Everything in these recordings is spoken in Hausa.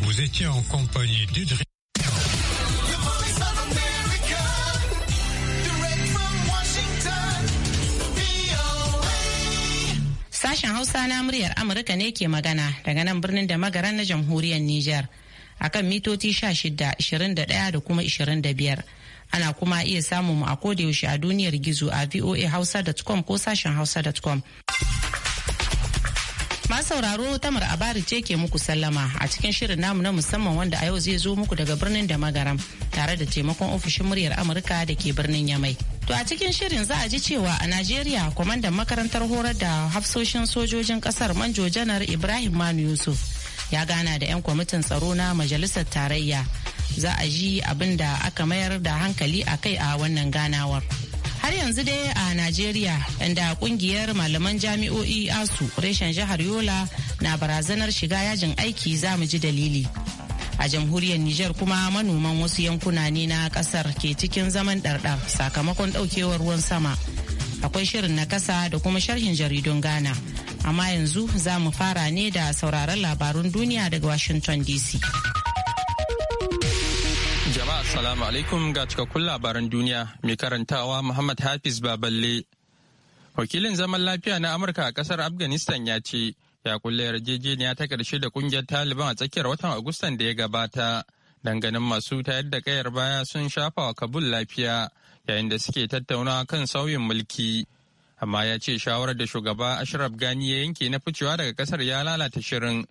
Vous étiez en compagnie d'Udrich. Sashen Hausa na muryar Amurka ne ke magana daga nan birnin da magaran na jamhuriyar Nijar akan mitoci 16, 21 da kuma biyar Ana kuma iya samun mu a kodayaushe a duniyar gizo a voahausa.com ko sashen hausa.com. Masu sauraro tamar abari ce ke muku sallama a cikin shirin namu na musamman wanda a yau zai zo muku daga birnin da magaram tare da taimakon ofishin muryar Amurka da ke birnin Yamai. To a cikin shirin za a ji cewa a Najeriya kwamandan makarantar horar da hafsoshin sojojin kasar Manjo Janar Ibrahim Manu Yusuf ya gana da 'yan kwamitin tsaro na majalisar tarayya. Za a ji abin da aka mayar da hankali a kai a wannan ganawar. har yanzu dai a najeriya inda kungiyar malaman jami'o'i asu reshen jihar yola na barazanar shiga yajin aiki za mu ji dalili a jamhuriyar Nijar kuma manoman wasu yankuna ne na kasar ke cikin zaman ɗarɗar sakamakon ɗaukewar ruwan sama. Akwai shirin na kasa da kuma sharhin jaridun Ghana. Amma yanzu za mu fara ne da sauraron labarun duniya daga Washington DC. Assalamu alaikum ga cikakkun labaran duniya mai karantawa Muhammad Hafiz Baballe. Wakilin zaman lafiya na Amurka a kasar Afghanistan ya ce ya kulle yarjejeniya ta ƙarshe da kungiyar Taliban a tsakiyar watan Agustan da ya gabata. Danganin masu ta yadda kayar baya sun shafa wa Kabul lafiya yayin da suke tattauna kan sauyin mulki. Amma ya ce shawarar da shugaba Ashraf Gani ya yanke na ficewa daga kasar ya lalata shirin.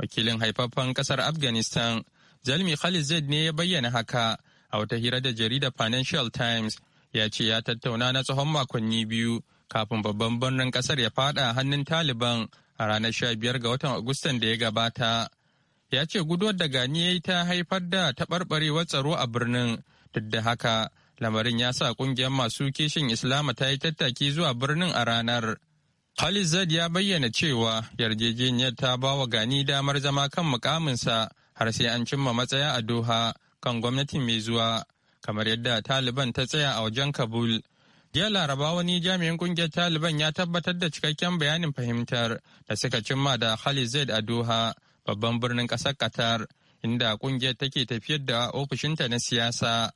Wakilin haifaffen kasar Afghanistan Zalmi Khalid Zaid ne ya bayyana haka a wata hira da jaridar Financial Times ya ce ya tattauna na tsawon makonni biyu kafin babban birnin kasar ya fada hannun Taliban a ranar sha biyar ga watan Agustan da ya gabata. Ya ce guduwar da gani ya yi ta haifar da taɓarɓarewar tsaro a birnin duk da haka lamarin ya sa ƙungiyar masu kishin Islama ta yi tattaki zuwa birnin a ranar. Khalizad ya bayyana cewa yarjejeniyar ta ba wa gani damar zama kan mukaminsa har sai an cimma matsaya a Doha kan gwamnati mai zuwa kamar yadda Taliban ta tsaya a wajen Kabul. Jiya Laraba wani jami'in kungiyar Taliban ya tabbatar da cikakken bayanin fahimtar da suka cimma da Khalid Zaid a Doha, babban birnin ƙasar Qatar, inda kungiyar take tafiyar da ofishinta na siyasa.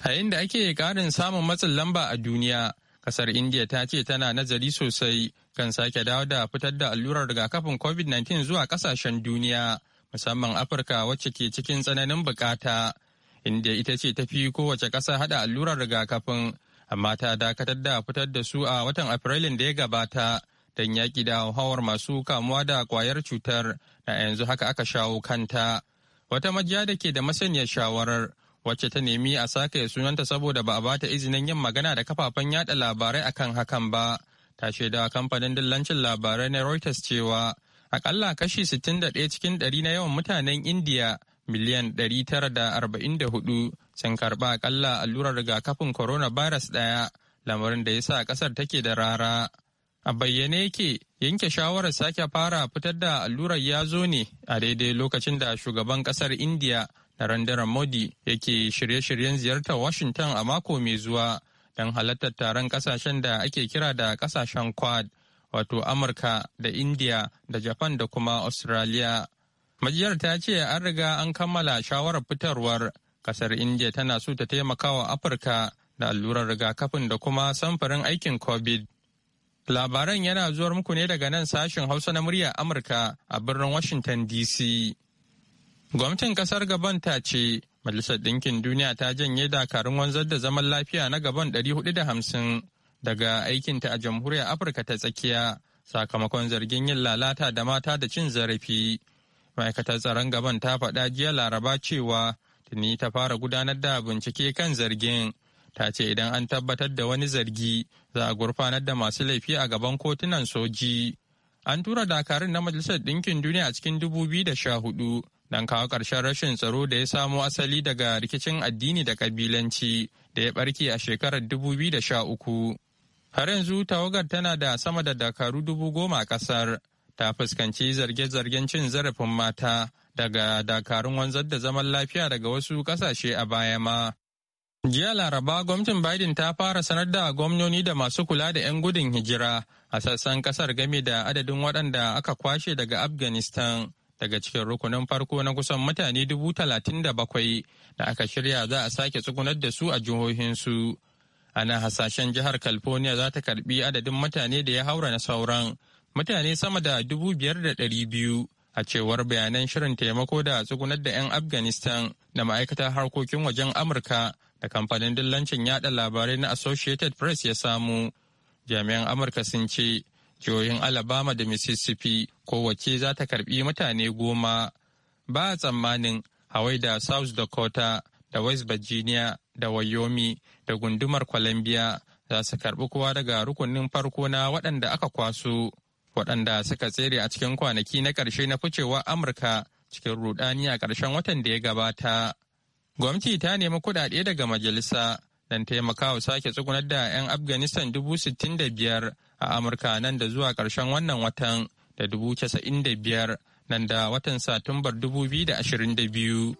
A inda ake ƙarin samun matsin lamba a duniya, kasar India ta ce tana nazari sosai kan sake dawo da fitar da allurar rigakafin COVID-19 zuwa ƙasashen duniya. musamman Afirka wacce ke cikin tsananin bukata, inda ita ce ta fi kowace ƙasa haɗa allurar rigakafin, amma ta dakatar da fitar da su a watan Afrilun da ya gabata don yaƙi da hauhawar masu kamuwa da ƙwayar cutar na yanzu haka aka shawo kanta. Wata majiya da ke da masaniyar shawarar wacce ta nemi a sake sunanta saboda ba a ba ta izinin yin magana da kafafen yada labarai akan hakan ba. ta shaida kamfanin dillancin labarai na Reuters cewa Akalla kashi 61 cikin ɗari na yawan mutanen Indiya miliyan 944 sun karɓa akalla allurar rigakafin coronavirus ɗaya lamarin da ya sa ƙasar take da rara. A bayyane yake yanke shawarar sake fara fitar da allurar ya zo ne a daidai lokacin da shugaban ƙasar Indiya Narendra Modi yake shirye-shiryen ziyartar Washington a mako mai zuwa don halartar taron ƙasashen da ake kira da ƙasashen kwad. wato Amurka da India da Japan da kuma Australia. Majiyar ta ce an riga an kammala shawarar fitarwar kasar India tana so ta taimaka wa Afirka da allurar rigakafin da kuma samfurin aikin COVID. Labaran yana zuwar muku ne daga nan sashen Hausa na muryar Amurka a birnin Washington DC. Gwamnatin kasar Gabon ta ce Majalisar Ɗinkin Duniya ta janye dakarun wanzar da zaman lafiya na Gabon 450 daga aikinta a jamhuriyar afirka ta tsakiya sakamakon zargin yin lalata da mata da cin zarafi ma'aikatar tsaron gaban ta faɗa jiya laraba cewa tuni ta fara gudanar da bincike kan zargin ta ce idan an tabbatar da wani zargi za a gurfanar da masu laifi a gaban kotunan soji an tura dakarun na majalisar ɗinkin duniya a cikin hudu don kawo ƙarshen rashin tsaro da ya samo asali daga rikicin addini da ƙabilanci da ya ɓarke a shekarar uku. Har yanzu tawagar tana da sama da dakaru dubu goma a kasar ta fuskanci zarge-zargen cin zarafin mata daga dakarun wanzar da zaman lafiya daga wasu ƙasashe a baya ma. Jiya Laraba gwamnatin Biden ta fara sanar da gwamnoni da masu kula da 'yan gudun hijira a sassan kasar game da adadin waɗanda aka kwashe daga Afghanistan daga cikin rukunin farko na kusan mutane dubu talatin da bakwai da aka shirya za a sake tsugunar da su a jihohinsu. ana hasashen jihar california za ta karbi adadin mutane da ya haura na sauran mutane sama da dubu biyar da ɗari biyu a cewar bayanan shirin taimako da tsugunar da 'yan afghanistan da ma'aikatar harkokin wajen amurka da kamfanin dillancin yada labarai na associated press ya samu jami'an amurka sun ce jihohin alabama da mississippi kowace za ta karbi mutane goma ba a tsammanin hawaii da south dakota da west virginia da wyoming da gundumar Columbia za su karɓi kowa daga rukunin farko na waɗanda aka kwaso waɗanda suka tsere a cikin kwanaki na ƙarshe na ficewa Amurka cikin rudani a ƙarshen watan da ya gabata. Gwamnati ta nemi kuɗaɗe daga majalisa don taimakawa sake tsugunar da 'yan Afghanistan dubu sittin da biyar a Amurka nan da zuwa ƙarshen wannan watan da dubu casa'in da biyar nan da watan Satumbar dubu biyu da ashirin da biyu.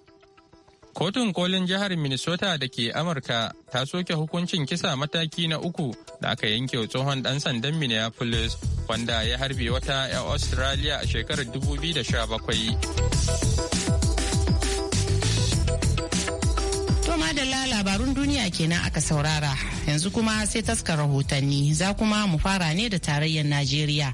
Kotun kolin jihar Minnesota da ke Amurka ta soke hukuncin kisa mataki na uku da aka yanke tsohon dan sandan Minneapolis wanda ya harbe wata 'yan Australia a shekarar 2017. Toma da labarun duniya kenan aka saurara yanzu kuma sai taskar rahotanni za kuma mu fara ne da tarayyar Najeriya.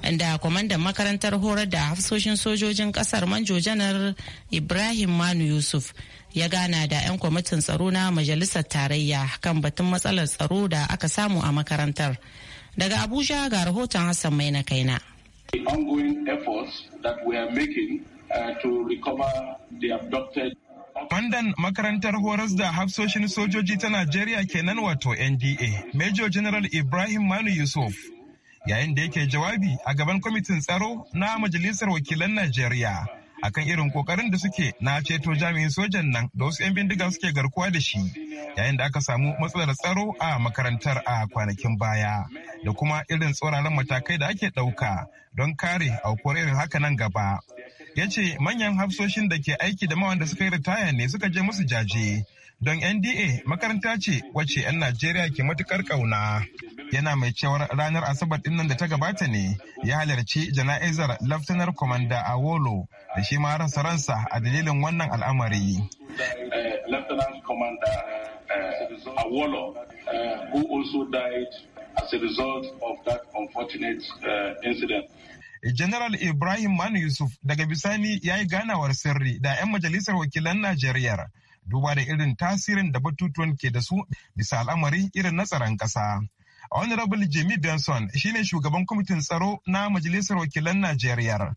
inda kwamandan makarantar horar da hafsoshin sojojin kasar manjo janar ibrahim manu yusuf ya gana da 'yan kwamitin tsaro na majalisar tarayya kan batun matsalar tsaro da aka samu a makarantar daga abuja ga rahoton hassan mai na kaina Mandan uh, makarantar horas da hafsoshin sojoji ta Najeriya kenan wato NDA, Major General Ibrahim Manu Yusuf, yayin da yake jawabi a gaban kwamitin tsaro na Majalisar Wakilan Najeriya. akan irin kokarin da suke na ceto jami'in sojan nan da wasu 'yan bindiga suke garkuwa da shi yayin da aka samu matsalar tsaro a makarantar a kwanakin baya da kuma irin tsoraran matakai da ake ɗauka don kare aukuwar irin haka nan gaba ya ce manyan hafsoshin da ke aiki da da suka yi ritaya ne suka je musu jaje don NDA makaranta ce wacce 'yan Najeriya ke matukar ƙauna. Yana mai cewar ranar Asabar dinnan da ta gabata ne ya halarci jana'izar Laftanar Kwamanda Awolo da shi ma rasa ransa a dalilin wannan al'amari. Eh, eh, eh, General Ibrahim Manu Yusuf daga bisani ya yi ganawar sirri da 'yan majalisar wakilan Najeriya duba da irin tasirin da batutuwan ke da su bisa al'amari irin na tsaron ƙasa. Honorable Jimmy Benson shine shugaban kwamitin tsaro na Majalisar Wakilan Najeriya.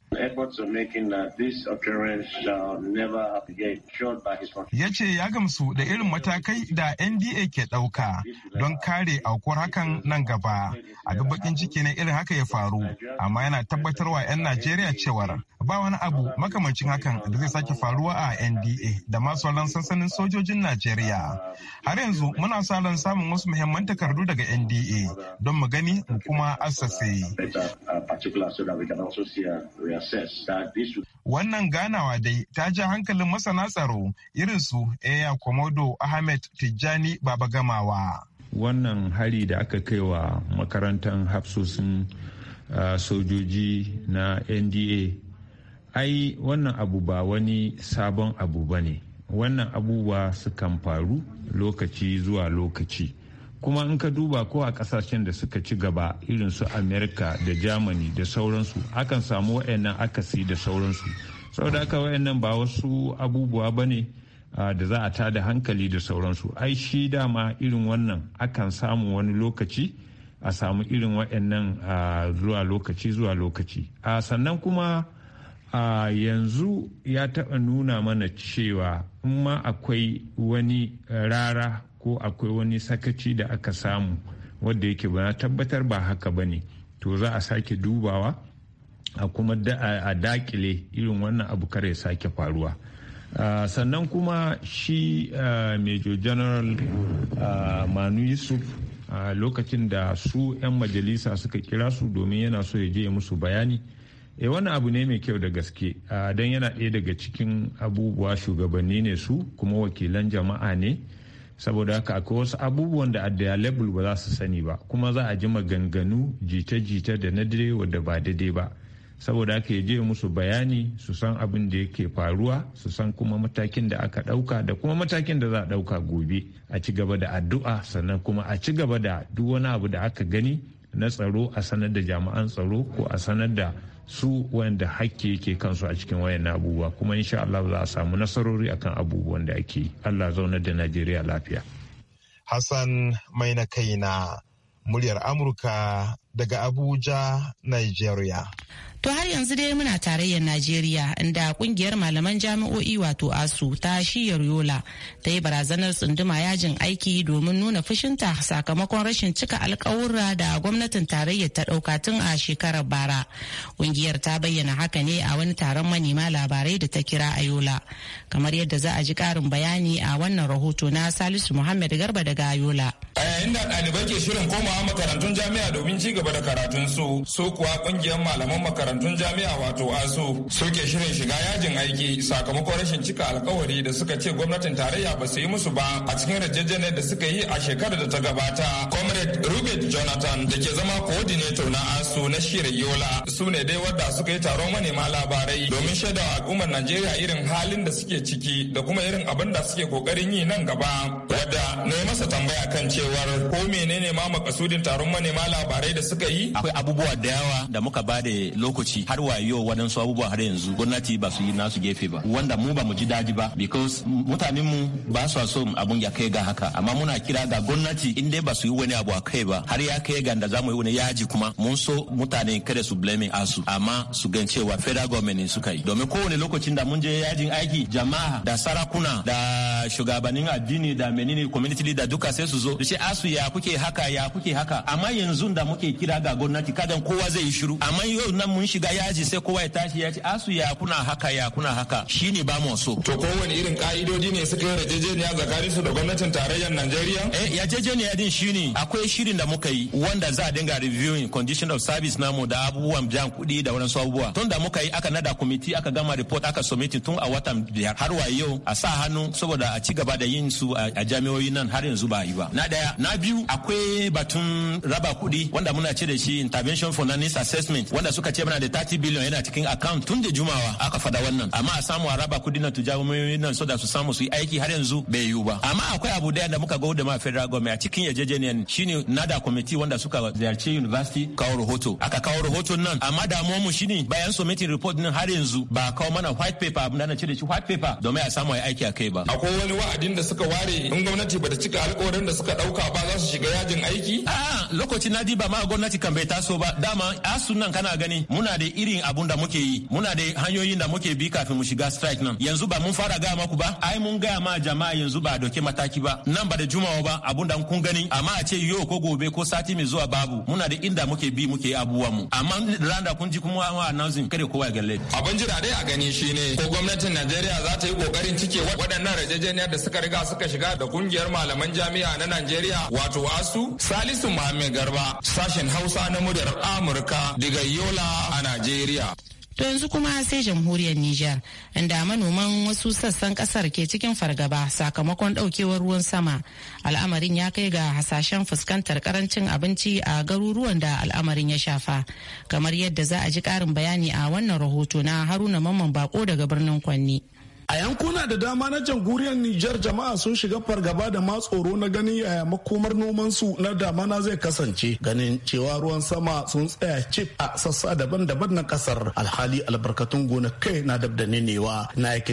Ya ce ya gamsu da irin matakai da NDA ke ɗauka don kare aukuwar hakan nan gaba. duk bakin ciki na irin haka ya faru, amma yana tabbatarwa 'yan Najeriya cewar ba wani abu makamancin hakan da zai sake faruwa a NDA da masu sauran sansanin sojojin Najeriya. Har yanzu muna sa ran samun wasu muhimman takardu daga NDA. don mu gani mu kuma assase. Wannan ganawa dai ta ja hankalin masana tsaro irin su Eya Komodo Ahmed Tijjani Baba Gamawa. Wannan hari da aka kai wa makarantar hafsosin sojoji na NDA, ai wannan abu ba wani sabon abu ba ne. Wannan abubuwa sukan faru lokaci zuwa lokaci. kuma in ka duba ko a kasashen da suka ci gaba irin su america da germany da sauransu akan samu wayannan akasi da sauransu saboda haka wayannan ba wasu abubuwa ba ne da za a ta da hankali da sauransu ai shi dama irin wannan akan samu wani lokaci a samu irin wayannan zuwa lokaci zuwa lokaci sannan kuma yanzu ya taɓa nuna mana cewa in ma akwai wani rara ko akwai wani sakaci da aka samu wadda yake ba tabbatar ba haka ba ne to za a sake dubawa a kuma a dakile irin wannan abu kar ya sake faruwa sannan kuma shi major general manu yusuf lokacin da su 'yan majalisa suka kira su domin yana so ya je musu bayani e wannan abu ne mai kyau da gaske don yana ɗaya daga cikin abubuwa shugabanni ne su kuma wakilan jama'a ne saboda haka akwai wasu abubuwan da da label ba za su sani ba kuma za a ji maganganu jita-jita da na direwa da ba daidai ba saboda haka ya je musu bayani su san abin da yake faruwa su san kuma matakin da aka ɗauka da kuma matakin da za a ɗauka gobe a ci gaba da addu'a sannan kuma a ci gaba da duk wani abu da aka gani na tsaro a sanar da jami'an tsaro ko a sanar da su wanda hakki yake kansu a cikin wayan abubuwa kuma insha Allah za a samu nasarori akan abubuwan da ake Allah zaunar da Najeriya lafiya. Hassan mai na kaina muryar Amurka daga Abuja, Nigeria. To har yanzu dai muna tarayyar Najeriya inda kungiyar malaman jami'o'i wato ASU ta shiyar Yola ta yi barazanar tsunduma yajin aiki domin nuna fushinta sakamakon rashin cika alkawura da gwamnatin tarayyar ta ɗauka tun a shekarar bara. Kungiyar ta bayyana haka ne a wani taron manema labarai da ta kira a Yola. Kamar yadda za a ji ƙarin bayani a wannan rahoto na Salisu Muhammad Garba daga Yola. A yayin ɗalibai ke shirin komawa makarantun jami'a domin ci gaba da karatun su su kuwa kungiyar malaman makarantun jami'a wato asu suke shirin shiga yajin aiki sakamakon rashin cika alkawari da suka ce gwamnatin tarayya ba su yi musu ba a cikin rajajjane da suka yi a shekarar da ta gabata comrade rubert jonathan da ke zama coordinator na asu na shirin yola su ne dai wadda suka yi taron manema labarai domin shaida al'ummar najeriya irin halin da suke ciki da kuma irin abin da suke kokarin yi nan gaba wadda na masa tambaya kan cewar ko menene ma makasudin taron manema labarai da suka yi akwai abubuwa da yawa da muka ba da lokaci har wayo waɗansu abubuwa har yanzu gwamnati ba su yi nasu gefe ba wanda mu ba mu ji daji ba because mutanen mu ba su so abun ya kai ga haka amma muna kira ga gwamnati in dai ba su yi wani abu a kai ba har ya kai ga da za mu yi wani yaji kuma mun so mutane kada su blame asu amma su gan cewa federal government suka yi domin kowane lokacin da mun je yajin aiki jama'a da sarakuna da shugabannin addini da menene community da duka sai su zo su ce asu ya kuke haka ya kuke haka amma yanzu da muke kira ga gwamnati kadan kowa zai yi shiru amma yau nan mun shiga yaji sai kowa ya tashi ya ce asu ya kuna haka ya kuna haka shine ba mu so to kowane irin ka'idodi ne suka yi rajejeniya tsakanin su da gwamnatin tarayyar Najeriya eh yarjejeniya din shine akwai shirin da muka yi wanda za a dinga reviewing condition of service namu da abubuwan biyan kuɗi da a abubuwa tun da muka yi aka nada kwamiti aka gama report aka submit tun a watan biyar har wa yau a sa hannu saboda a ci gaba da yin su a jami'oyi nan har yanzu ba yi ba na daya na biyu akwai batun raba kuɗi wanda muna a da shi intervention for non assessment wanda suka ce mana da 30 billion yana cikin account tun da jumawa aka fada wannan amma a samu a raba kudi na tujawomin nan so da su samu su yi aiki har yanzu bai yiwu ba amma akwai abu daya da muka gauda ma federal government a cikin yarjejeniyar shine nada committee wanda suka ziyarci university kawo rahoto aka kawo rahoton nan amma damuwar mu shine bayan submitting report din har yanzu ba kawo mana white paper abin da na cire shi white paper domin a samu a yi aiki a kai ba akwai wani wa'adin da suka ware in gwamnati bata cika alkawarin da suka dauka ba za su shiga yajin aiki a lokaci na ba ma gwamnati gwamnati kan bai taso ba dama asun nan kana gani muna da irin abun da muke yi muna da hanyoyin da muke bi kafin mu shiga strike nan yanzu ba mun fara gaya maku ba ai mun gaya ma jama'a yanzu ba doke mataki ba nan ba da jumawa ba abun da kun gani amma a ce yau ko gobe ko sati mai zuwa babu muna da inda muke bi muke yi abubuwan mu amma randa kun ji kuma wa announcing kare kowa ga late abun jira dai a gani shine ko gwamnatin Najeriya za ta yi kokarin cike waɗannan rajajeniyar da suka riga suka shiga da kungiyar malaman jami'a na Najeriya wato ASU Salisu mahammed Garba sashen sashen Hausa na muryar Amurka daga Yola a Najeriya. To yanzu kuma sai jamhuriyar Nijar, inda manoman wasu sassan kasar ke cikin fargaba sakamakon daukewar ruwan sama. Al'amarin ya kai ga hasashen fuskantar karancin abinci a garuruwan da al'amarin ya shafa. Kamar yadda za a ji karin bayani a wannan rahoto na Haruna Mamman Bako daga birnin Kwanni. A yankuna da dama na jamhuriyar Nijar jama'a sun shiga fargaba da ma tsoro na ganin yaya makomar nomansu na damana zai kasance ganin cewa ruwan sama sun tsaya cif a sassa daban-daban na kasar alhali albarkatun gona kai na dab da nenewa na yake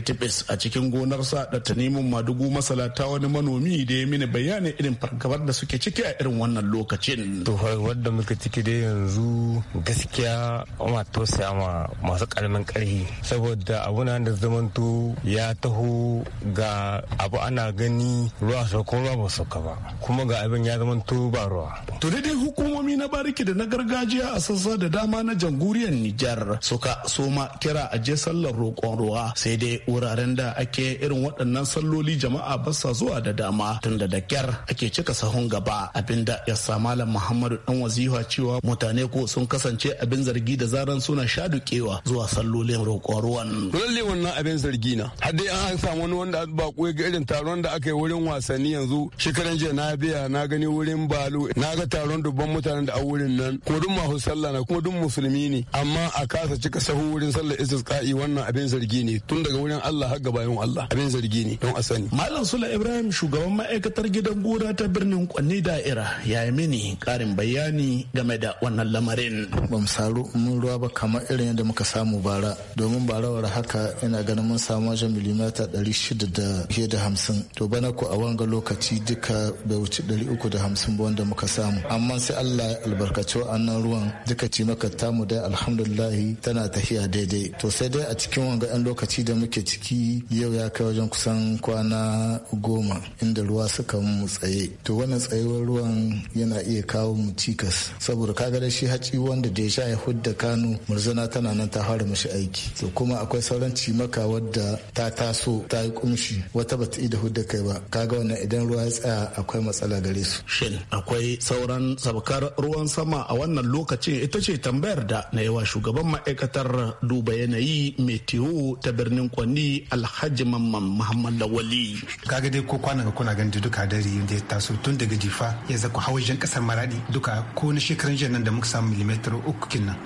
a cikin gonarsa da ta neman madugu masala wani manomi da ya mini bayani irin fargabar da suke ciki a irin wannan lokacin. To wadda muka ciki dai yanzu gaskiya ma tausaya ma masu karamin karhi saboda abuna da zamanto ya taho ga abu ana gani ruwa sauko ruwa ba sauka ba kuma ga abin ya zama to ba ruwa. To daidai hukumomi na bariki da na gargajiya a sassa da dama na jamhuriyar Nijar suka soma kira a je sallar roƙon ruwa sai dai wuraren da ake irin waɗannan salloli jama'a ba sa zuwa da dama tun da kyar ake cika sahun gaba abinda ya sa malam Muhammadu dan wazifa cewa mutane ko sun kasance abin zargi da zaran suna shadukewa zuwa sallolin roƙon ruwan. Lalle wannan abin zargi na hadi an samu wani wanda ba kuwa ga irin taron da aka yi wurin wasanni yanzu shekaran jiya na biya na gani wurin balu na ga taron dubban mutanen da a wurin nan ko duk masu sallah na kuma duk musulmi ne amma a kasa cika sahu wurin sallar istisqa'i wannan abin zargi ne tun daga wurin Allah har ga bayan Allah abin zargi ne don a sani malam sula ibrahim shugaban ma'aikatar gidan gora ta birnin kwanni da'ira ya yi mini karin bayani game da wannan lamarin ba mu saru mun ruwa ba kamar irin yadda muka samu bara domin barawar haka ina ganin mun samu wajen milimita 650 to bana ku a wanga lokaci duka bai wuce 350 ba wanda muka samu amma sai Allah ya albarkaci wa'annan ruwan duka ci maka tamu dai alhamdulillahi tana tafiya daidai to sai dai a cikin wanga 'yan lokaci da muke ciki yau ya kai wajen kusan kwana goma inda ruwa suka mu tsaye to wannan tsayuwar ruwan yana iya kawo mu cikas saboda kaga da shi haci wanda da ya sha ya hudda kano murzana tana nan ta fara mashi aiki to kuma akwai sauran cimaka wadda ta taso ta yi kunshi wata bata da hudda kai ba kaga wannan idan ruwa ya tsaya akwai matsala gare su shin akwai sauran sabkar ruwan sama a wannan lokacin ita ce tambayar da na yawa shugaban ma'aikatar duba yanayi meteo ta birnin kwanni alhaji mamman muhammad lawali kaga dai ko kwana ga kuna ganin duka dare da ya taso tun daga jifa ya hawa hawajen kasar maradi duka ko na shekaran jiya nan da muka samu milimetar uku kinnan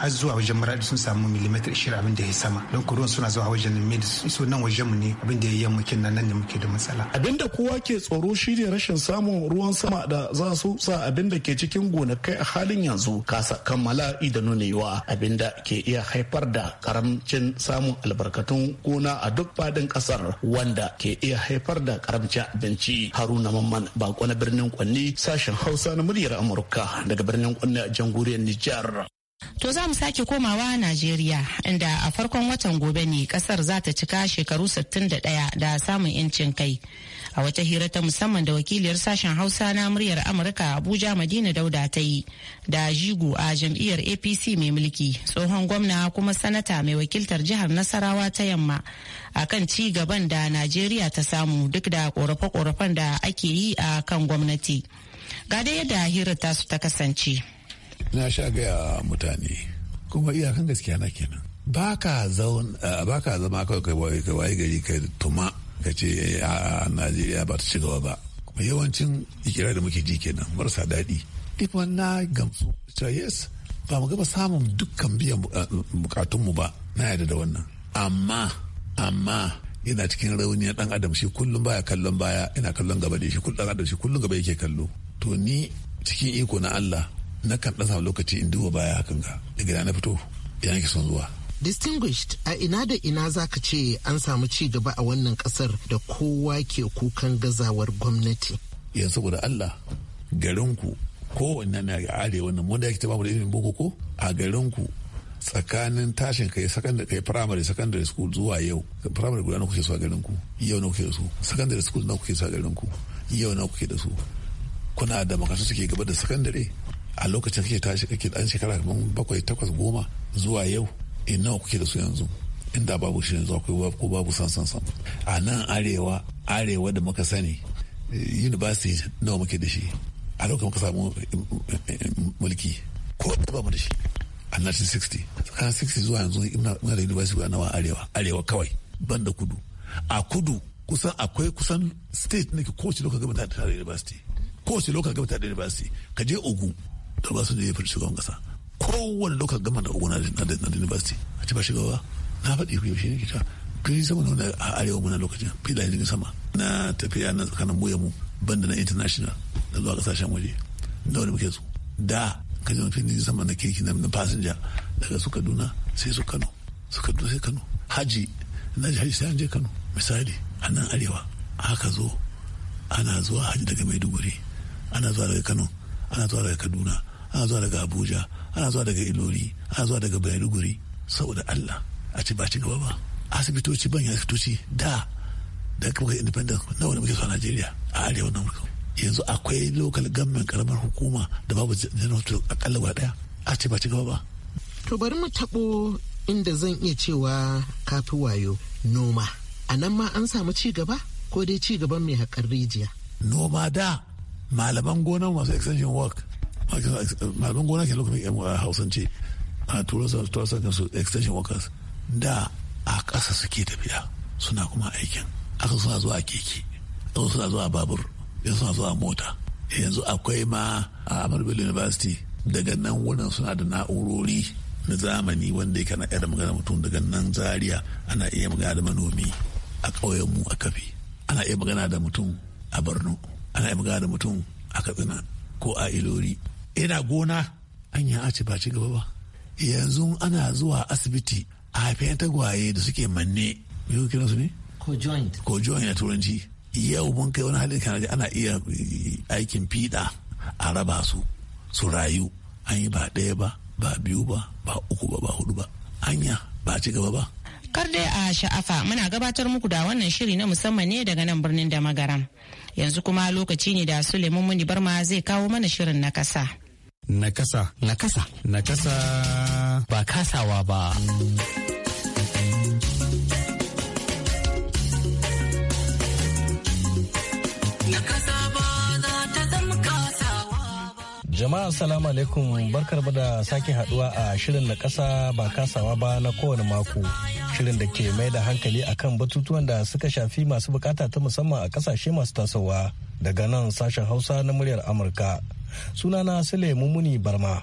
a zuwa wajen maradi sun samu milimetar ishirin abin da ya sama don ruwan suna zuwa wajen so nan wajen mu ne abin da ya yi mukin nan nan ne muke da matsala abin da kowa ke tsoro shine rashin samun ruwan sama da za su sa abin da ke cikin gonakai a halin yanzu kasa kammala idanunewa abinda abin da ke iya haifar da karamcin samun albarkatun gona a duk fadin kasar wanda ke iya haifar da karamcin abinci haruna mamman bako na birnin kwanni sashen hausa na muryar amurka daga birnin kwanni a jamhuriyar nijar To za mu sake komawa Najeriya inda a farkon watan gobe ne kasar za ta cika shekaru 61 da samun 'yancin kai. A wata hira ta musamman da wakiliyar sashen Hausa na muryar Amurka Abuja Madina Dauda ta yi da jigo a jam'iyyar APC mai mulki tsohon gwamna kuma sanata mai wakiltar jihar Nasarawa ta yamma kan ci gaban da Najeriya ta samu duk da korafe-korafen da ake yi a kan gwamnati. Ga dai yadda hirar tasu ta kasance. na sha gaya mutane kuma iyakan gaskiya na kenan ba ka zama kawai kai waye gari kai tuma ka ce a najeriya ba ta cigaba ba kuma yawancin ikira da muke ji kenan marasa daɗi duk na gamsu cewa yes ba mu gaba samun dukkan biyan bukatunmu ba na yadda da wannan amma amma yana cikin rauni na dan adam shi kullum baya kallon baya yana kallon gaba da shi kullum adam shi kullum gaba yake kallo to ni cikin iko na Allah na kan ɗasa lokaci in duba baya hakan ga daga na fito ina ke son zuwa distinguished a ina da ina za ka ce an samu ci gaba a wannan kasar da kowa ke kukan gazawar gwamnati yanzu saboda allah garinku kowanne na ga arewa nan wanda yake taba da irin boko ko a garinku tsakanin tashin kai secondary kai primary secondary school zuwa yau primary guda na kuke su a garinku yau na kuke da su secondary school na kuke su a garinku yau na kuke da su kuna da makarantu suke gaba da secondary a lokacin kake tashi kake dan shekara kamar bakwai takwas goma zuwa yau in eh, nawa kuke da su yanzu inda babu shi yanzu akwai ko babu san san san a nan arewa arewa da muka sani eh, university nawa muke da shi a lokacin muka samu eh, mulki ko da babu da shi a 1960 tsakanin 60 zuwa yanzu ina da university a nawa arewa arewa kawai ban da kudu a kudu kusan akwai kusan state nake kowace lokacin gaba ta da university kowace lokacin gaba ta da university ka je ogun da ba su je ya fi shugaban kasa kowane lokacin gama da ugu na da university a ci ba ba na faɗi ku yaushe ne ke cewa sama na wanda a arewa muna lokacin filayen jirgin sama na tafiya na tsakanin mu mu banda na international da zuwa kasashen waje da wani muke su da ka ji mafin jirgin sama na kirki na fasinja daga su kaduna sai su kano su kaduna sai kano haji na ji haji sai an je kano misali a nan arewa haka zo ana zuwa haji daga maiduguri ana zuwa daga kano ana zuwa daga kaduna ana zuwa daga abuja ana zuwa daga ilori ana zuwa daga maiduguri saboda allah a ci ba ci gaba ba asibitoci ban asibitoci da da kuma independent na wani muke so a najeriya a arewa na amurka yanzu akwai lokal government karamar hukuma da babu general hospital akalla guda daya a ce ba ci gaba ba to bari mu tabo inda zan iya cewa kafi wayo noma a nan ma an samu ci gaba ko dai ci gaban mai haƙar rijiya noma da malaman gonan masu extension work malaman gona ke lokacin yan hausance a turasa kan su extension workers da a ƙasa suke tafiya suna kuma aikin aka suna zuwa keke aka suna zuwa babur yanzu suna zuwa mota eh, yanzu akwai ma a amadu university daga nan wurin suna da na'urori na zamani wanda ya kana 'yar magana mutum daga nan zaria ana iya magana da manomi a ƙauyenmu a kafi ana iya magana da mutum a borno ana iya magana da mutum a katsina ko a ilori ina gona an yi ba ci gaba ba yanzu ana zuwa asibiti a haifin tagwaye da suke manne yau kira su ne ko joint a turanci yau mun kai wani halin kanaji ana iya eh, aikin fiɗa a raba su su rayu an yi ba ɗaya ba ba biyu ba ba uku ba ba hudu ba anya ba ci gaba ba kar dai a sha'afa muna gabatar muku da wannan shiri na musamman ne daga nan birnin da magaram yanzu kuma lokaci ne da suleiman muni barma zai kawo mana shirin na kasa Nakasa. Nakasa. Nakasa. Ba kasawa ba. Jama'a salamu alaikum barkar da sake haduwa a shirin na kasa ba kasawa ba na kowane mako. Shirin da ke mai da hankali akan batutuwan da suka shafi masu bukata ta musamman a kasashe masu tasowa. daga nan sashen hausa na muryar amurka sunana sule mummuni barma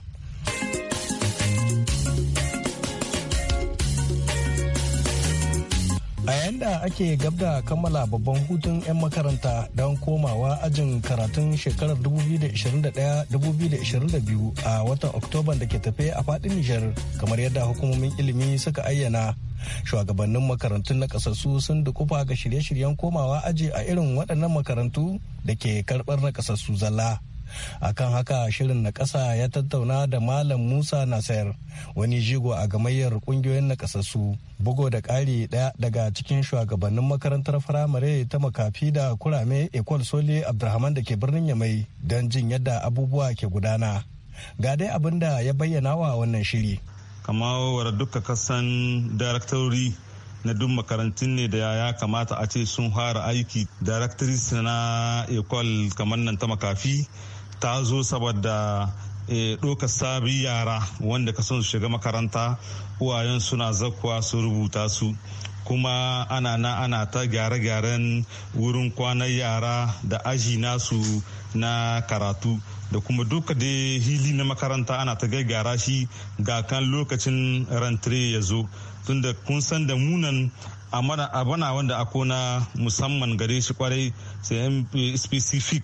a yayin da ake gab da kammala babban hutun 'yan makaranta don komawa ajin karatun shekarar 2021-2022 a watan Oktoba da ke tafe a faɗin nijar kamar yadda hukumomin ilimi suka ayyana shugabannin makarantun na kasassu sun dukufa ga shirye-shiryen komawa aji a irin waɗannan makarantu da ke karɓar na kasassu zalla akan haka shirin na ƙasa ya tattauna da malam musa nasir wani jigo a gamayyar ƙungiyoyin na kasassu bugo da ƙari ɗaya daga cikin shugabannin makarantar firamare ta makafi da kurame ecole sole abdulrahman da ke birnin yamai don jin yadda abubuwa ke gudana ga dai abin da ya bayyana wa wannan shiri kamar duka kasan daraktori na duk makarantun ne da ya kamata a ce sun fara aiki directrice na ecole kamar nan ta makafi ta zo saboda eh, ɗoka sabi yara wanda ka son su shiga makaranta uwayen suna zakwa su rubuta su kuma ana na ana ta gyare-gyaren wurin kwanan yara da aji nasu na karatu da kuma duka da hili na makaranta ana ta gaggara shi ga kan lokacin rantre ya zo tunda kun san da munan abana wanda ako na musamman gare shi kwarai sai specific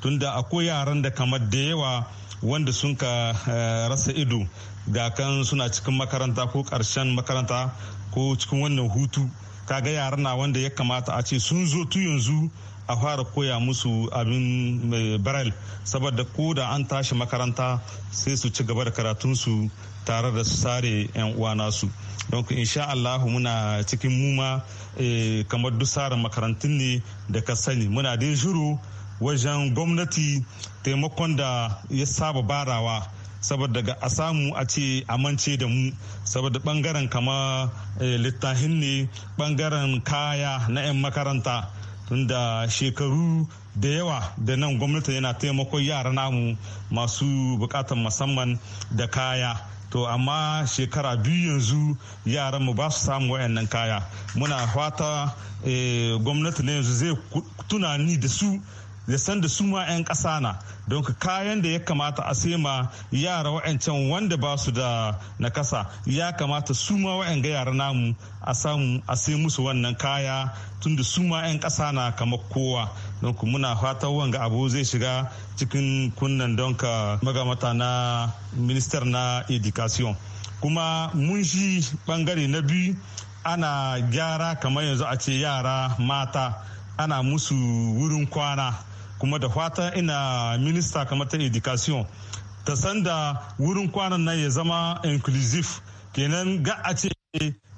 tunda akwai yaran da kamar da yawa wanda sun ka eh, rasa ido ga kan suna cikin makaranta ko karshen makaranta ko cikin wannan hutu kaga yaran na wanda ya kamata a ce sun zo tu yanzu a fara koya musu abin eh, barel saboda ko da an tashi makaranta sai su ci gaba da karatun su tare da su sare 'yan uwa nasu don insha Allah muna cikin muma eh, kamar duk makarantun ne da ka sani muna dai shiru wajen gwamnati taimakon da ya saba barawa saboda ga a samu a ce amince da mu saboda bangaren kama eh, littafin ne bangaren kaya na 'yan makaranta tunda shekaru da yawa da nan gwamnati yana taimakon yara namu masu bukatan musamman da kaya to amma shekara biyu yanzu yaran mu ba su samu wayannan kaya muna fata eh, gwamnati na yanzu zai tunani da su ya san da su ma 'yan ƙasa na don kayan da ya kamata a sema yara wa'ancan wanda ba su da na nakasa ya kamata su ma ga yara namu a samu a sai musu wannan kaya tun da su 'yan ƙasa na kamar kowa don ku muna fatan wanga abu zai shiga cikin kunnan don ka magamata na minister na education kuma mun shi bangare na biyu ana gyara kamar yanzu a ce yara mata ana musu wurin kwana kuma da fata ina minista kamar ta education ta san da wurin kwanan nan ya zama inclusive kenan ga a ce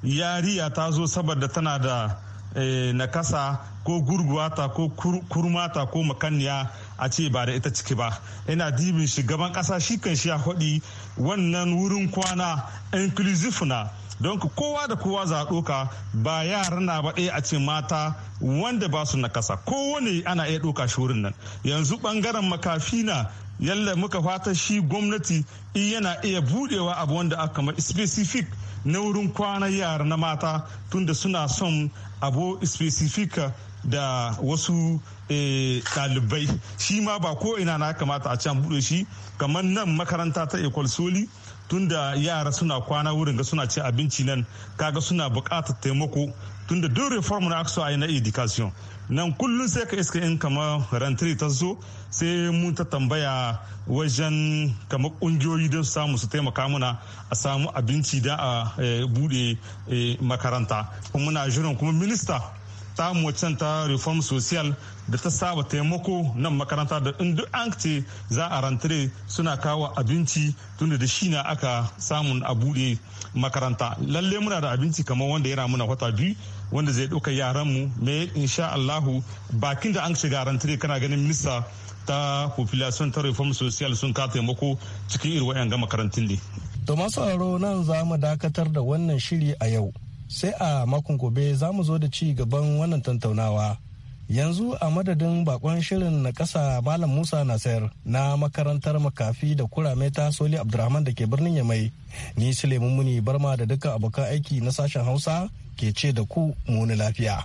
yariya ta zo saboda tana da eh, nakasa ko gurguwata ko kurmata ko makanniya a ce ba da ita ciki ba Ina dibin shugaban kasa shi kan shi ya hudi wannan wurin kwana inclusive na don kowa da kowa za doka ba yara na ba ɗaya a ce mata wanda ba su nakasa kowane ana iya doka shi nan yanzu ɓangaren makafi na yalla muka fata shi gwamnati in yana iya budewa abu wanda aka ma specific na wurin kwana yara na mata tunda suna son abu specific da wasu eh, ɗalibai shi ma ba ko ina na kamata a can bude shi kamar nan makaranta ta ecole tunda yara suna kwana wurin ga suna ci abinci nan kaga suna bukatar taimako tunda duk reform na aka so na education nan kullum sai ka iska in kama rantiri ta zo sai mun ta tambaya wajen kama kungiyoyi don samu su taimaka muna a samu abinci da a eh, bude eh, makaranta kuma muna jiran kuma minista ta mu ta reform social da ta saba taimako nan makaranta da in duk an ce za a rantare suna kawo abinci tunda da shi na aka samun a buɗe makaranta lalle muna da abinci kamar wanda yana muna wata biyu wanda zai ɗauka yaranmu me insha allahu bakin da an shiga rantare kana ganin minista ta population ta reform social sun ka taimako cikin irin wayan ga makarantun ne. to masu nan za mu dakatar da wannan shiri a yau sai a makon gobe za mu zo da ci gaban wannan tattaunawa. yanzu a madadin bakon shirin na kasa malam musa nasir na makarantar makafi da kurame ta soli abdurrahman da ke birnin yamai ni suleiman muni barma da dukkan abokan aiki na sashen hausa ke ce da ku muni lafiya.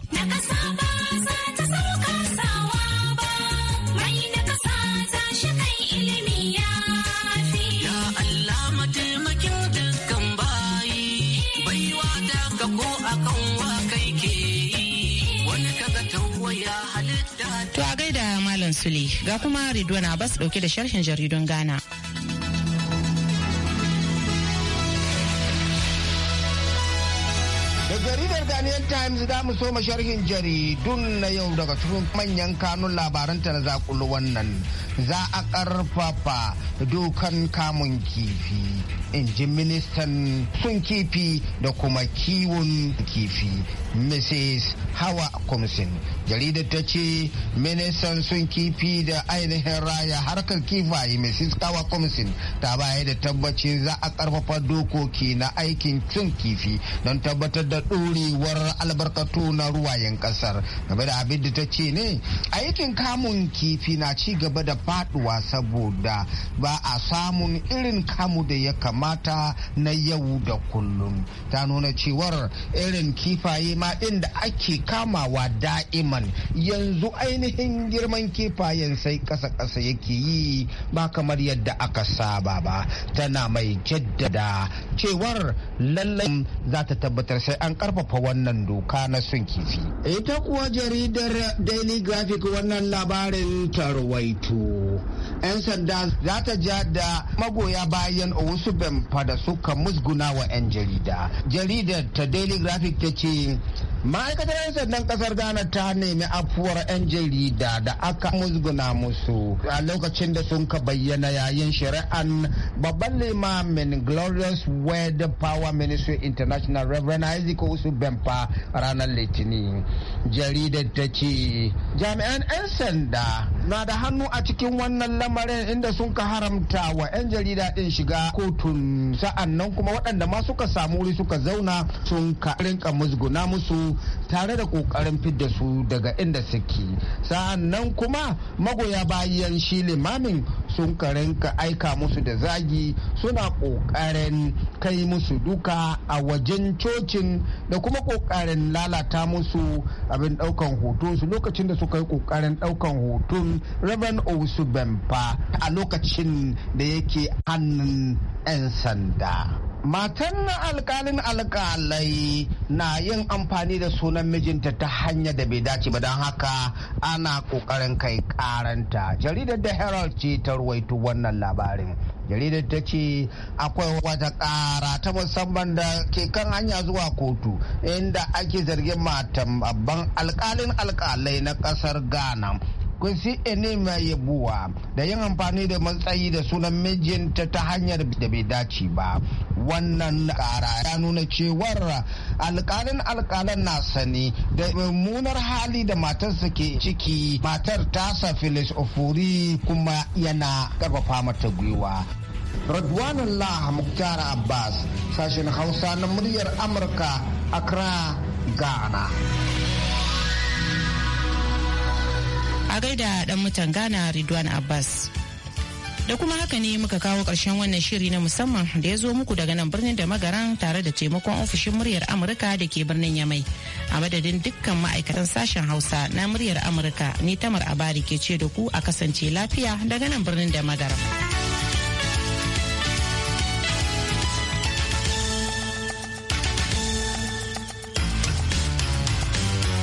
To a gaida Malam Sule ga kuma Ridwan Abbas dauke da sharhin jaridun Ghana. Da jaridar Times za mu so sharhin jaridun na yau daga cikin manyan kanun labaranta na zakulu wannan. za a karfafa dokan kamun kifi in ji ministan sun kifi da kuma kiwon kifi mrs hawa kumsin jaridar ta ce ministan sun kifi da ainihin raya harkar kifaye mrs hawa kumsin ta baya da tabbaci za a ƙarfafa dokoki na aikin sun kifi don tabbatar da ɗorewar albarkatu na ruwayen ƙasar game da abin da ta ce ne aikin kamun kifi na ci gaba da faduwa saboda ba a samun irin kamu da ya kamata na yau da kullum ta nuna cewar irin kifaye ma inda ake kamawa da'iman yanzu ainihin girman kifayen sai kasa kasa yake yi ba kamar yadda aka saba ba tana mai jaddada cewar lallai za ta tabbatar sai an karfafa wannan doka na sun kifi ita kuwa jaridar daily graphic wannan labarin tarwaito 'yan sanda za ta ja da magoya bayan Owusu Bempa da suka musguna wa 'yan jarida. Jaridar ta Daily Graphic ta ce ma'aikatar 'yan sandan kasar ghana ta nemi afuwar 'yan jarida da aka musguna musu a lokacin da sun ka bayyana yayin shari'an babban limamin glorious world power ministry international reverend isaac usu bempa ranar litinin jaridar ta ce jami'an 'yan sanda na da hannu a cikin wannan lamarin inda sun ka haramta wa 'yan jarida din shiga kotun sa'an nan kuma waɗanda ma suka samu wuri suka zauna sun ka rinka musguna musu tare da kokarin fidda su daga inda suke sa'an nan kuma magoya bayan shi limamin sun ka aika musu da zagi suna ƙoƙarin kai musu duka a wajen cocin da kuma ƙoƙarin lalata musu abin ɗaukan hoto su lokacin da suka yi ƙoƙarin ɗaukan hoton Reverend Owusu Bempa a lokacin da yake hannun 'yan sanda. matan alkalin alkalai na yin amfani da sunan mijinta ta hanya da bai dace ba don haka ana ƙoƙarin kai ƙaranta jaridar da herald ce ta ruwaito wannan labarin jaridar ta ce akwai wata ƙara ta musamman da ke kan hanya zuwa kotu inda ake zargin matan babban alkalin alkalai na ƙasar ghana Kun ne enema yabuwa da yin amfani da matsayi da sunan mijinta ta hanyar da bai dace ba wannan kara ya nuna cewar alkalin alkalan na sani da mummunar hali da matarsa ke ciki matar tasa filis ofuri kuma yana karfafa mata gwiwa Radwanullah Muktar Abbas, sashen Hausa na muryar Amurka, Accra, Ghana. a gaida dan mutan Ghana Ridwan Abbas. Da kuma haka ne muka kawo ƙarshen wannan shiri na musamman da ya zo muku daga nan birnin da magaran tare da taimakon ofishin muryar Amurka da ke birnin Yamai. A madadin dukkan ma'aikatan sashen Hausa na muryar Amurka ni Tamar Abari ke ce da ku a kasance lafiya daga nan birnin da magaran.